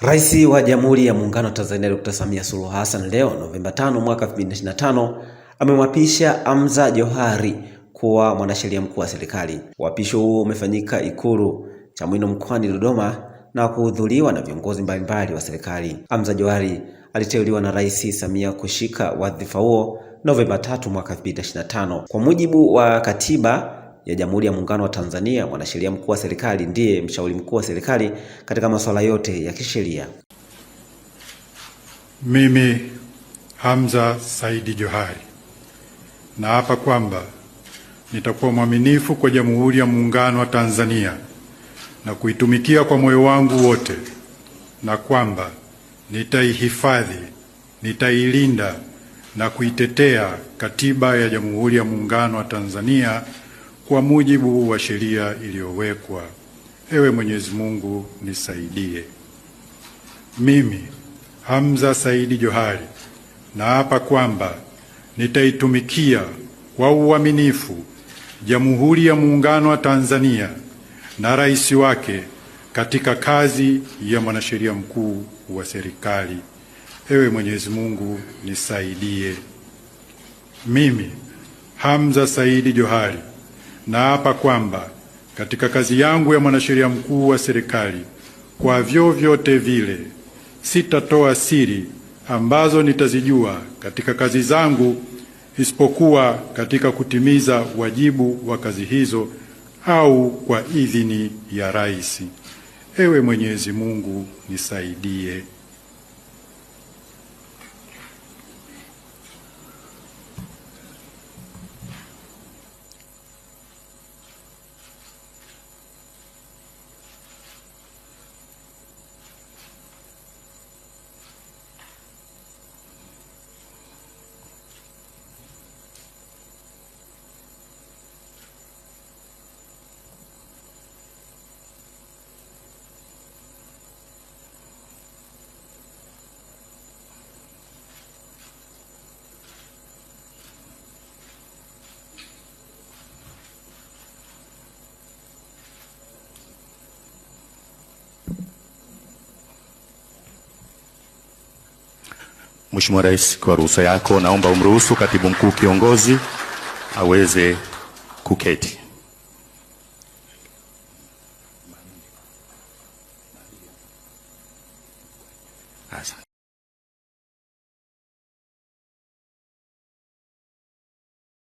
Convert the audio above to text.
Rais wa Jamhuri ya Muungano wa Tanzania Dr. Samia Suluhu Hassan leo Novemba 5 mwaka 2025 amemwapisha Hamza Johari kuwa mwanasheria mkuu wa serikali. Uapisho huo umefanyika Ikulu Chamwino mkoani Dodoma na kuhudhuriwa na viongozi mbalimbali wa serikali. Hamza Johari aliteuliwa na Rais Samia kushika wadhifa huo Novemba 3 mwaka 2025. Kwa mujibu wa katiba ya Jamhuri ya Muungano wa Tanzania, Mwanasheria Mkuu wa Serikali ndiye mshauri mkuu wa serikali katika masuala yote ya kisheria. Mimi Hamza Saidi Johari naapa kwamba nitakuwa mwaminifu kwa Jamhuri ya Muungano wa Tanzania na kuitumikia kwa moyo wangu wote, na kwamba nitaihifadhi, nitailinda na kuitetea Katiba ya Jamhuri ya Muungano wa Tanzania kwa mujibu wa sheria iliyowekwa. Ewe Mwenyezi Mungu nisaidie. Mimi Hamza Saidi Johari naapa kwamba nitaitumikia kwa uaminifu Jamhuri ya Muungano wa Tanzania na rais wake katika kazi ya mwanasheria mkuu wa serikali. Ewe Mwenyezi Mungu nisaidie. Mimi Hamza Saidi Johari Naapa kwamba katika kazi yangu ya mwanasheria mkuu wa serikali, kwa vyovyote vile, sitatoa siri ambazo nitazijua katika kazi zangu, isipokuwa katika kutimiza wajibu wa kazi hizo au kwa idhini ya rais. Ewe Mwenyezi Mungu nisaidie. Mheshimiwa Rais, kwa ruhusa yako naomba umruhusu Katibu Mkuu Kiongozi aweze kuketi. Asante.